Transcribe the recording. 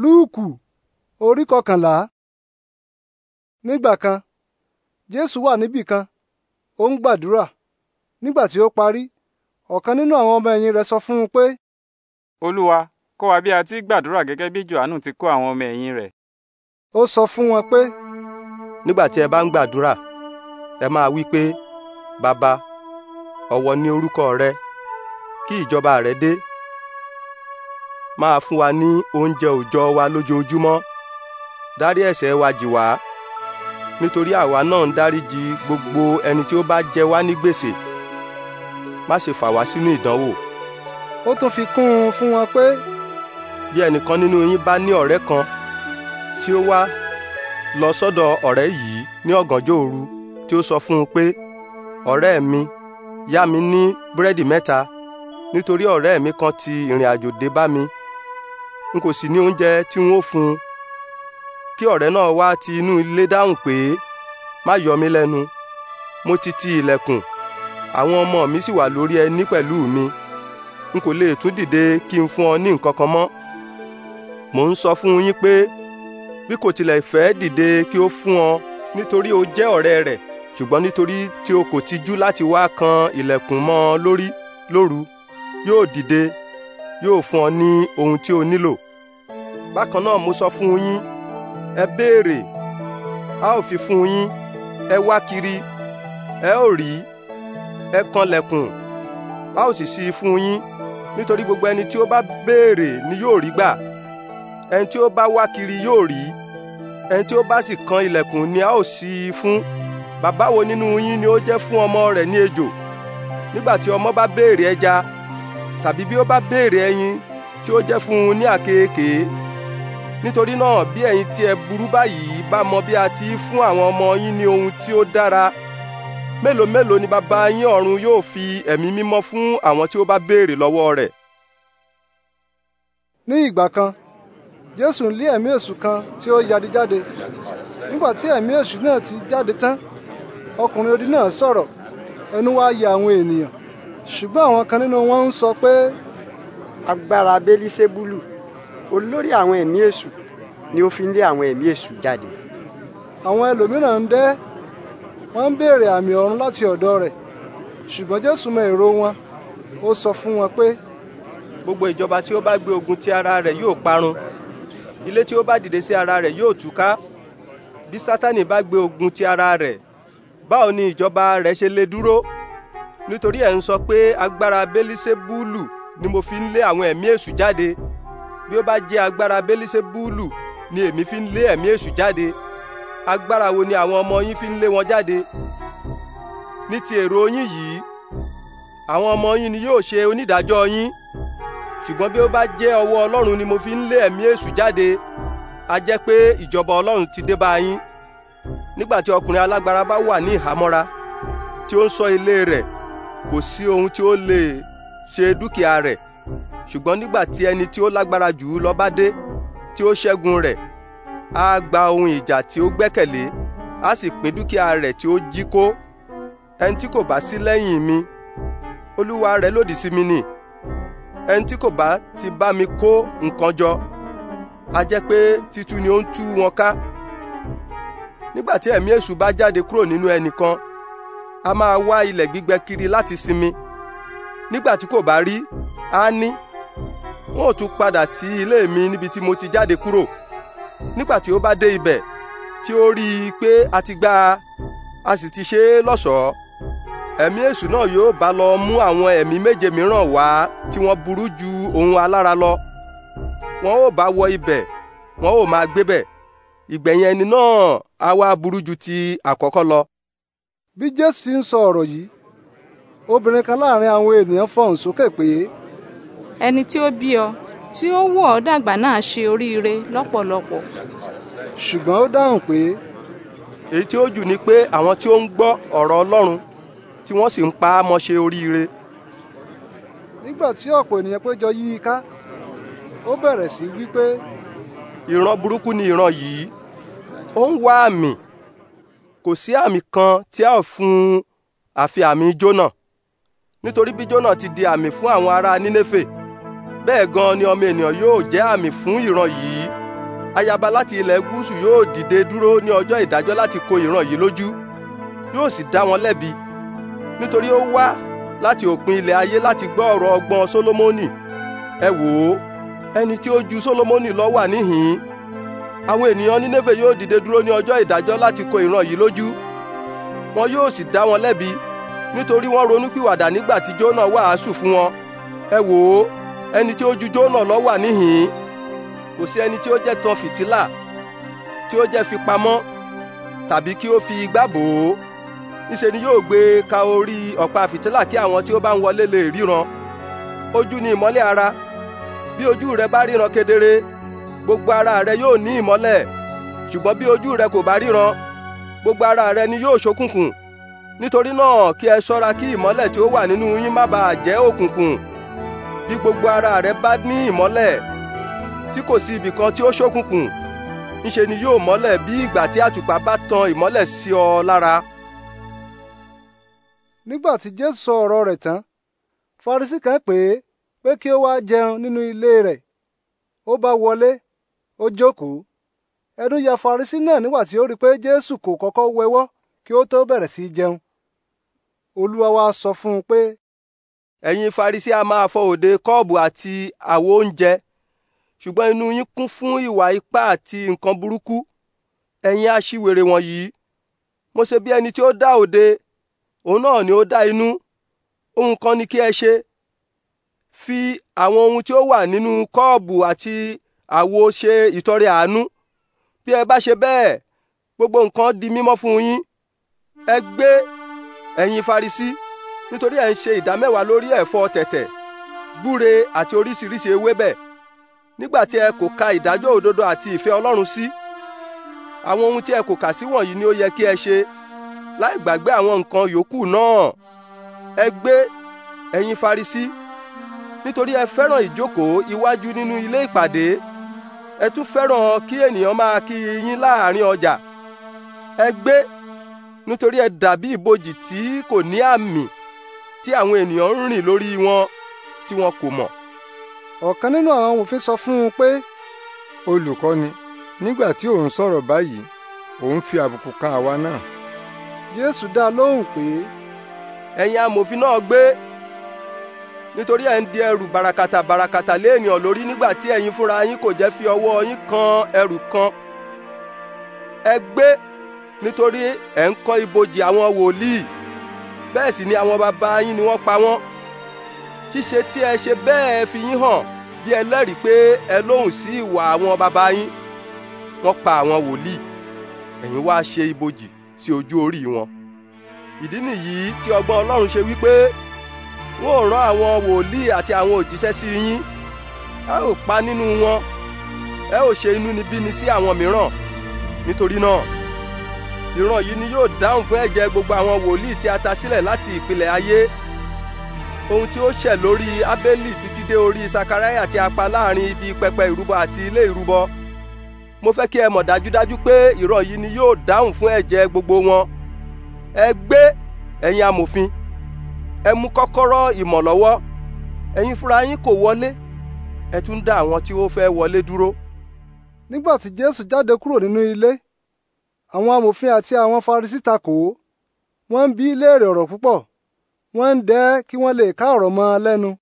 lúùkù orí kọkànlá nígbà kan jésù wà níbì kan ó ń gbàdúrà nígbà tí ó parí ọ̀kan nínú àwọn ọmọ ẹ̀yìn rẹ̀ sọ fún un pé. olúwa kọ́ wa bí a ti gbàdúrà gẹ́gẹ́ bí johannu ti kọ́ àwọn ọmọ ẹ̀yìn rẹ̀. ó sọ fún wọn pé. nígbà tí ẹ bá ń gbàdúrà ẹ máa wí pé bàbá ọ̀wọ̀ ni orúkọ rẹ kí ìjọba rẹ dé máa fún wa ní oúnjẹ òòjọ́ wa lójoojúmọ́ dárí ẹ̀ṣẹ̀ wa jì wá nítorí àwa náà ń dáríji gbogbo ẹni tí ó bá jẹ wá ní gbèsè má ṣe fà wá sínú ìdánwò. ó tún fi kún un fún wọn pé. bí ẹnìkan nínú yín bá ní ọ̀rẹ́ kan tí ó wá lọ sọ́dọ̀ ọ̀rẹ́ yìí ní ọ̀gànjọ́ òru tí ó sọ fún un pé ọ̀rẹ́ mi yá mi ní búrẹ́dì mẹ́ta nítorí ọ̀rẹ́ mi kan ti ìrìn àjò dé bá mi n kò sì ní oúnjẹ tí wọ́n fún un kí ọ̀rẹ́ náà wá ti inú ilé dáhùn pé má yọ mí lẹ́nu mo ti ti ilẹ̀kùn àwọn ọmọ mi sì wà lórí ẹní pẹ̀lú mi n kò lè tún dìde kí n fún ọ ní nǹkan kan mọ́ mò ń sọ fún yín pé bí kò tilẹ̀ fẹ́ dìde kí ó fún ọ nítorí o jẹ́ ọ̀rẹ́ rẹ̀ ṣùgbọ́n nítorí tí o kò tijú láti wá kan ilẹ̀kùn mọ́ ọ lórí lóru yóò dìde yóò fún ọ ní ohun tí o nílò bákan náà mo sọ fún yín ẹ béèrè a ó fi fún yín ẹ wá kiri ẹ ó rí ẹ kanlẹ̀kùn a ó sì ṣí i fún yín nítorí gbogbo ẹni tí ó bá béèrè ni yóò rí gbà ẹni tí ó bá wá kiri yóò rí ẹni tí ó bá sì kan ilẹ̀kùn ni a ó ṣí i fún bàbá wo nínú yín ni ó jẹ́ fún ọmọ rẹ̀ ní ejò nígbà tí ọmọ bá béèrè ẹja tàbí bí ó bá béèrè ẹyin tí ó jẹ́ fún un ní àkekèé nítorí náà bí ẹ̀yin tí ẹ burú báyìí bá mọ bí a ti fún àwọn ọmọ yín ní ohun tí ó dára mélòó mélòó ni bàbá yín ọ̀run yóò fi ẹ̀mí mímọ́ fún àwọn tí ó bá béèrè lọ́wọ́ rẹ̀. ní ìgbà kan jésù lé ẹ̀mí èṣù kan tí ó yadi jáde nígbà tí ẹ̀mí èṣù náà ti jáde tán ọkùnrin odi náà sọ̀rọ̀ ẹnu wá yà àwọn ènìyàn ṣùgbọ́n àwọn kan nínú wọn ń sọ pé. agbára belísébúlù olórí àwọn ẹ̀mí èṣù ni ó fi ń lé àwọn ẹ̀mí èṣù jáde. àwọn ẹlòmíràn ń dẹ́ wọ́n ń béèrè àmì ọ̀run láti ọ̀dọ̀ rẹ̀ ṣùgbọ́n jésù mọ èrò wọn ó sọ fún wọn pé. gbogbo ìjọba tí ó bá gbé ogun ti ara rẹ̀ yóò parun ilé tí ó bá dìde sí ara rẹ̀ yóò túká bí sátani bá gbé ogun ti ara rẹ̀ báwo ni ìjọba rẹ̀ ṣe lè dúró nítorí ẹ̀ ń sọ pé agbára bélísébúlù ni mo fi ń lé àwọn ẹ̀mí èṣù jáde bí ó bá jẹ́ agbára bélísébúlù ni èmi fi ń lé ẹ̀mí èṣù jáde agbára wo ni àwọn ọmọ yín fi ń lé wọn jáde ní ti èrò yín yìí àwọn ọmọ yín ni yóò ṣe onídàájọ́ yín ṣùgbọ́n bí ó bá jẹ́ ọwọ́ ọlọ́run ni mo fi ń lé ẹ̀mí èṣù jáde a jẹ́ pé ìjọba ọlọ́run ti dé bá yín nígbà tí ọkùnrin alágbára bá wà ní ìhámọ́ra tí ó ń ṣọ́ ilé rẹ̀ kò sí ohun tí ó lè ṣe dúkìá rẹ̀ ṣùgbọ́n nígbà tí ẹni tí ó lágbára jù ú lọ bá dé tí ó ṣẹ́gun rẹ̀ á gba ohun ìjà tí ó gbẹ́kẹ̀lé á sì pín dúkìá rẹ̀ tí ó jí kó ẹni tí kò bá sí lẹ́yìn mi olúwa rẹ̀ lòdì sí mi nì ẹni tí kò bá ti bá mi kó nǹkan jọ a jẹ́ pé títú ni ó ń tú wọn ká nígbà tí ẹ̀mí èṣù bá jáde kúrò nínú ẹnìkan a máa wá ilẹ̀ gbígbẹ kiri láti sinmi nígbà tí kò bá rí á ní wọn ò tún padà sí ilé mi níbi tí mo ti jáde kúrò nígbà tí ó bá dé ibẹ̀ tí ó rí i pé a ti gbá a sì ti ṣe é lọ́ṣọ̀ọ́ ẹ̀mí èṣù náà yóò bá lọ mú àwọn ẹ̀mí méje mìíràn wá tí wọ́n burú ju òun alára lọ wọn ò bá wọ ibẹ̀ wọn ò máa gbébẹ̀ ìgbẹ̀yìn ẹni náà á wá burú ju ti àkọ́kọ́ lọ. bí jésù ń sọ ọ̀rọ̀ yìí obìnrin kan láàrin àwọn ènìyàn fọ̀hùn sókè pé ẹni tí ó bí ọ tí ó wò ọ́ dàgbà náà ṣe oríire lọ́pọ̀lọpọ̀. ṣùgbọ́n ó dáhùn pé. èyí tí ó jù ni pé àwọn tí ó ń gbọ́ ọ̀rọ̀ Ọlọ́run tí wọ́n sì ń pa á mọ́ ṣe oríire. nígbà tí ọ̀pọ̀ ènìyàn péjọ yí i ká ó bẹ̀rẹ̀ sí wípé. ìran burúkú ni ìran yìí ó ń wá àmì kò sí àmì kan tí a ò fún un àfi àmì Jónà nítorí bí Jónà ti di àmì fún àwọn ará Nínéfè bẹ́ẹ̀ gan ni ọmọ ènìyàn yóò jẹ́ àmì fún ìran yìí ayaba láti ilẹ̀ gúúsù yóò dìde dúró ní ọjọ́ ìdájọ́ láti kó ìran yìí lójú yóò sì dá wọn lẹ́bi nítorí ó wá láti òpin ilẹ̀ ayé láti gbọ́ ọ̀rọ̀ ọgbọ́n Sólómọ́nì ẹ wò ó ẹni tí ó ju Sólómọ́nì lọ wà níhìn-ín àwọn ènìyàn Nínéfè yóò dìde dúró ní ọjọ́ ìdájọ́ láti kó ìran yìí lójú wọn yóò sì dá wọn lẹ́bi nítorí wọ́n ronúpìwàdà nígbà tí Jónà wàásù fún wọn ẹ wò ó ẹni tí ó ju Jónà lọ wà níhìn-ín kò sí ẹni tí ó jẹ́ tan fìtílà tí ó jẹ́ fi pamọ́ tàbí kí ó fi igbá bò ó níṣe ni yóò gbé ka orí ọ̀pá fìtílà kí àwọn tí ó bá ń wọlé lè ríran ojú ni ìmọ́lẹ̀ ara bí ojú rẹ bá ríran kedere gbogbo ara rẹ yóò ní ìmọ́lẹ̀ ṣùgbọ́n bí ojú rẹ kò bá ríran gbogbo ara rẹ ni yóò ṣókùnkùn nítorí náà kí ẹ ṣọ́ra kí ìmọ́lẹ̀ tí ó wà nínú yín má bàa jẹ́ òkùnkùn bí gbogbo ara rẹ bá ní ìmọ́lẹ̀ tí kò sí ibì kan tí ó ṣókùnkùn ńṣe ni yóò mọ́lẹ̀ bí ìgbà tí àtùpà bá tan ìmọ́lẹ̀ sí ọ lára. nígbà tí jésù sọ ọ̀rọ̀ rẹ̀ tán farisí kan pè é pé kí ó wá jẹun nínú ilé rẹ̀ ó bá wọlé ó jókòó ẹnu ya farisi náà nígbà tí ó rí i pé jésù kò kọ́kọ́ wẹwọ́ kí ó tó bẹ̀rẹ̀ sí jẹun olúwa wá sọ fún un pé ẹ̀yin Farisi a máa fọ òde kọ́ọ̀bù àti àwo oúnjẹ ṣùgbọ́n inú yín kún fún ìwà ipá àti nǹkan burúkú ẹ̀yin aṣiwèrè wọ̀nyí mo ṣe bí ẹni tí ó dá òde òun náà ni ó dá inú òun kan ni kí ẹ ṣe fi àwọn ohun tí ó wà nínú kọ́ọ̀bù àti àwo ṣe ìtọrẹ àánú bí ẹ bá ṣe bẹ́ẹ̀ gbogbo nǹkan di mímọ́ fún yín ẹ gbé ẹ̀yin Farisí nítorí ẹ̀ ń ṣe ìdámẹ́wàá lórí ẹ̀fọ́ tẹ̀tẹ̀ gbúre àti oríṣiríṣi ewébẹ̀ nígbà tí ẹ kò ka ìdájọ́ òdodo àti ìfẹ́ Ọlọ́run sí àwọn ohun tí ẹ kò kà sí wọ̀nyí ni ó yẹ kí ẹ ṣe láì gbàgbé àwọn nǹkan yòókù náà ẹ gbé ẹ̀yin Farisí nítorí ẹ fẹ́ràn ìjókòó iwájú nínú ilé ìpàdé ẹ tún fẹ́ràn kí ènìyàn máa kí yín láàrin ọjà ẹ gbé nítorí ẹ dàbí ibojì tí kò ní àmì tí àwọn ènìyàn ń rìn lórí wọn tí wọn kò mọ̀. ọ̀kan nínú àwọn òfin sọ fún un pé olùkọ́ni nígbà tí òun sọ̀rọ̀ báyìí òun fi àbùkù kan àwa náà. jésù dá lóhùn pé. ẹ̀yin amòfin náà gbé nítorí ẹ̀ ń di ẹrù bàràkàtà bàràkàtà lé ènìyàn lórí nígbà tí ẹ̀yin fúnra yín kò jẹ́ fi ọwọ́ yín kan ẹrù kan ẹ gbé nítorí ẹ̀ ń kọ́ ibojì àwọn wòlíì bẹ́ẹ̀ sì ni àwọn bàbá yín ni wọ́n pa wọ́n ṣíṣe tí ẹ ṣe bẹ́ẹ̀ fi yín hàn bí ẹlẹ́rìí pé ẹ lóhùn sí ìwà àwọn bàbá yín wọ́n pa àwọn wòlíì ẹ̀yin wá ṣe ibojì sí ojú orí wọn ìdí nìyí tí ọgbọ́n Ọlọ́run ṣe wípé wọn ò rán àwọn wòlíì àti àwọn òjíṣẹ́ sí yín ẹ ò pa nínú wọn ẹ ò ṣe inúnibíni sí àwọn mìíràn nítorí náà ìran yìí ni yóò dáhùn fún ẹ̀jẹ̀ gbogbo àwọn wòlíì tí a ta sílẹ̀ láti ìpìlẹ̀ ayé ohun tí ó ṣẹ̀ lórí Ábélì títí dé orí Sakaraya tí a pa láàrin ibi pẹpẹ ìrúbọ àti ilé ìrúbọ mo fẹ́ kí ẹ mọ̀ dájúdájú pé ìran yìí ni yóò dáhùn fún ẹ̀jẹ̀ gbogbo wọn ẹ gbé ẹ̀yin amòfin ẹ mú kọ́kọ́rọ́ ìmọ̀ lọ́wọ́ ẹ̀yin fúnra yín kò wọlé ẹ tún dá àwọn tí ó fẹ́ wọlé dúró. nígbà tí Jésù jáde kúrò nínú ilé àwọn amòfin àti àwọn Farisí takò ó wọ́n ń bi í léèrè ọ̀rọ̀ púpọ̀ wọ́n ń dẹ́ kí wọ́n lè ká ọ̀rọ̀ mọ́ ọ